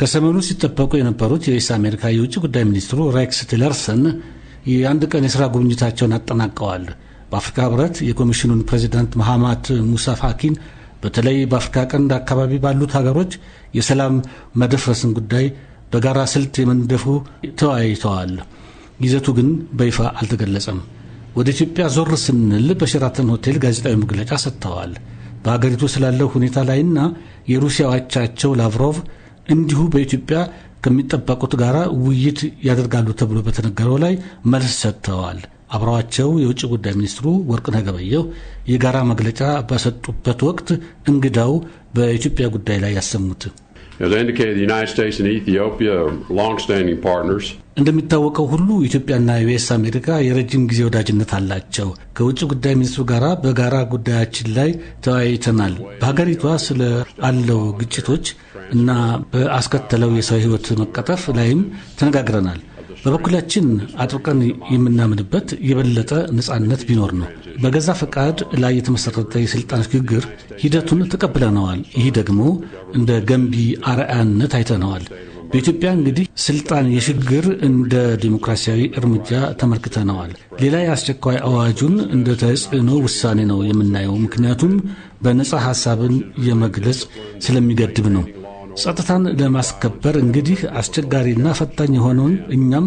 ከሰሜኑ ሲጠበቁ የነበሩት የዩኤስ አሜሪካ የውጭ ጉዳይ ሚኒስትሩ ሬክስ ቲለርሰን የአንድ ቀን የሥራ ጉብኝታቸውን አጠናቀዋል። በአፍሪካ ህብረት የኮሚሽኑን ፕሬዚዳንት መሐማት ሙሳ ፋኪን በተለይ በአፍሪካ ቀንድ አካባቢ ባሉት ሀገሮች የሰላም መደፍረስን ጉዳይ በጋራ ስልት የመንደፉ ተወያይተዋል። ይዘቱ ግን በይፋ አልተገለጸም። ወደ ኢትዮጵያ ዞር ስንል በሸራተን ሆቴል ጋዜጣዊ መግለጫ ሰጥተዋል። በሀገሪቱ ስላለው ሁኔታ ላይና የሩሲያ አቻቸው ላቭሮቭ እንዲሁ በኢትዮጵያ ከሚጠበቁት ጋር ውይይት ያደርጋሉ ተብሎ በተነገረው ላይ መልስ ሰጥተዋል። አብረዋቸው የውጭ ጉዳይ ሚኒስትሩ ወርቅነህ ገበየሁ የጋራ መግለጫ በሰጡበት ወቅት እንግዳው በኢትዮጵያ ጉዳይ ላይ ያሰሙት As indicated, the United States and Ethiopia are long-standing partners. እንደሚታወቀው ሁሉ ኢትዮጵያና ዩኤስ አሜሪካ የረጅም ጊዜ ወዳጅነት አላቸው። ከውጭ ጉዳይ ሚኒስትሩ ጋር በጋራ ጉዳያችን ላይ ተወያይተናል። በሀገሪቷ ስለ አለው ግጭቶች እና በአስከተለው የሰው ሕይወት መቀጠፍ ላይም ተነጋግረናል። በበኩላችን አጥብቀን የምናምንበት የበለጠ ነጻነት ቢኖር ነው። በገዛ ፈቃድ ላይ የተመሰረተ የስልጣን ሽግግር ሂደቱን ተቀብለነዋል። ይህ ደግሞ እንደ ገንቢ አርአያነት አይተነዋል። በኢትዮጵያ እንግዲህ ስልጣን የሽግግር እንደ ዲሞክራሲያዊ እርምጃ ተመልክተነዋል። ሌላ የአስቸኳይ አዋጁን እንደ ተጽዕኖ ውሳኔ ነው የምናየው። ምክንያቱም በነጻ ሀሳብን የመግለጽ ስለሚገድብ ነው። ጸጥታን ለማስከበር እንግዲህ አስቸጋሪና ፈታኝ የሆነውን እኛም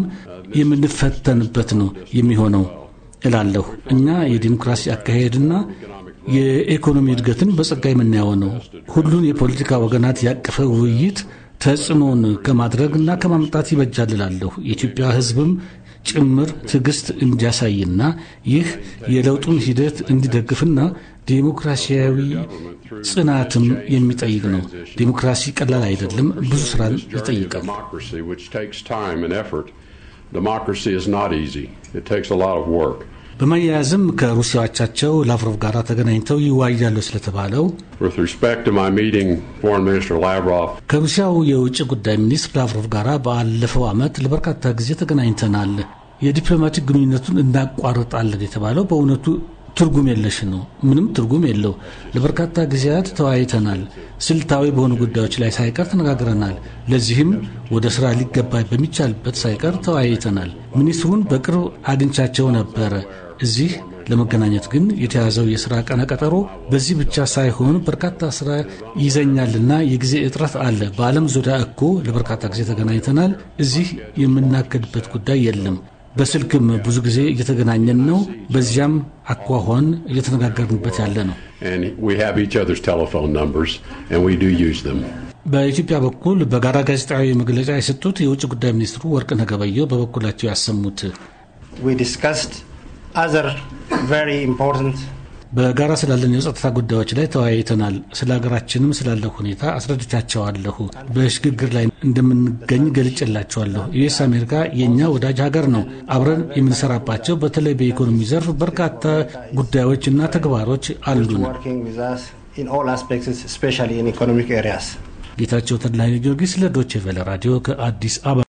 የምንፈተንበት ነው የሚሆነው እላለሁ። እኛ የዲሞክራሲ አካሄድና የኢኮኖሚ እድገትን በጸጋ የምናየው ነው። ሁሉን የፖለቲካ ወገናት ያቀፈ ውይይት ተጽዕኖን ከማድረግና ከማምጣት ይበጃል እላለሁ። የኢትዮጵያ ሕዝብም ጭምር ትዕግስት እንዲያሳይና ይህ የለውጡን ሂደት እንዲደግፍና ዴሞክራሲያዊ ጽናትም የሚጠይቅ ነው። ዴሞክራሲ ቀላል አይደለም፣ ብዙ ስራን ይጠይቃል። Democracy is በመያያዝም ከሩሲያ አቻቸው ላቭሮቭ ጋር ተገናኝተው ይወያያሉ ስለተባለው ከሩሲያው የውጭ ጉዳይ ሚኒስትር ላቭሮቭ ጋር ባለፈው ዓመት ለበርካታ ጊዜ ተገናኝተናል። የዲፕሎማቲክ ግንኙነቱን እናቋርጣለን የተባለው በእውነቱ ትርጉም የለሽ ነው። ምንም ትርጉም የለው። ለበርካታ ጊዜያት ተወያይተናል። ስልታዊ በሆኑ ጉዳዮች ላይ ሳይቀር ተነጋግረናል። ለዚህም ወደ ስራ ሊገባ በሚቻልበት ሳይቀር ተወያይተናል። ሚኒስትሩን በቅርብ አግኝቻቸው ነበረ። እዚህ ለመገናኘት ግን የተያዘው የስራ ቀነቀጠሮ በዚህ ብቻ ሳይሆን በርካታ ስራ ይዘኛልና የጊዜ እጥረት አለ። በዓለም ዙሪያ እኮ ለበርካታ ጊዜ ተገናኝተናል። እዚህ የምናገድበት ጉዳይ የለም። በስልክም ብዙ ጊዜ እየተገናኘን ነው። በዚያም አኳኋን እየተነጋገርንበት ያለ ነው። በኢትዮጵያ በኩል በጋራ ጋዜጣዊ መግለጫ የሰጡት የውጭ ጉዳይ ሚኒስትሩ ወርቅነህ ገበየሁ በበኩላቸው ያሰሙት በጋራ ስላለን የጸጥታ ጉዳዮች ላይ ተወያይተናል። ስለ ሀገራችንም ስላለ ሁኔታ አስረድቻቸዋለሁ። በሽግግር ላይ እንደምንገኝ ገልጭላቸዋለሁ። ዩኤስ አሜሪካ የእኛ ወዳጅ ሀገር ነው። አብረን የምንሰራባቸው በተለይ በኢኮኖሚ ዘርፍ በርካታ ጉዳዮች እና ተግባሮች አሉን። ጌታቸው ተድላ ጊዮርጊስ ለዶቼ ቬለ ራዲዮ ከአዲስ አበባ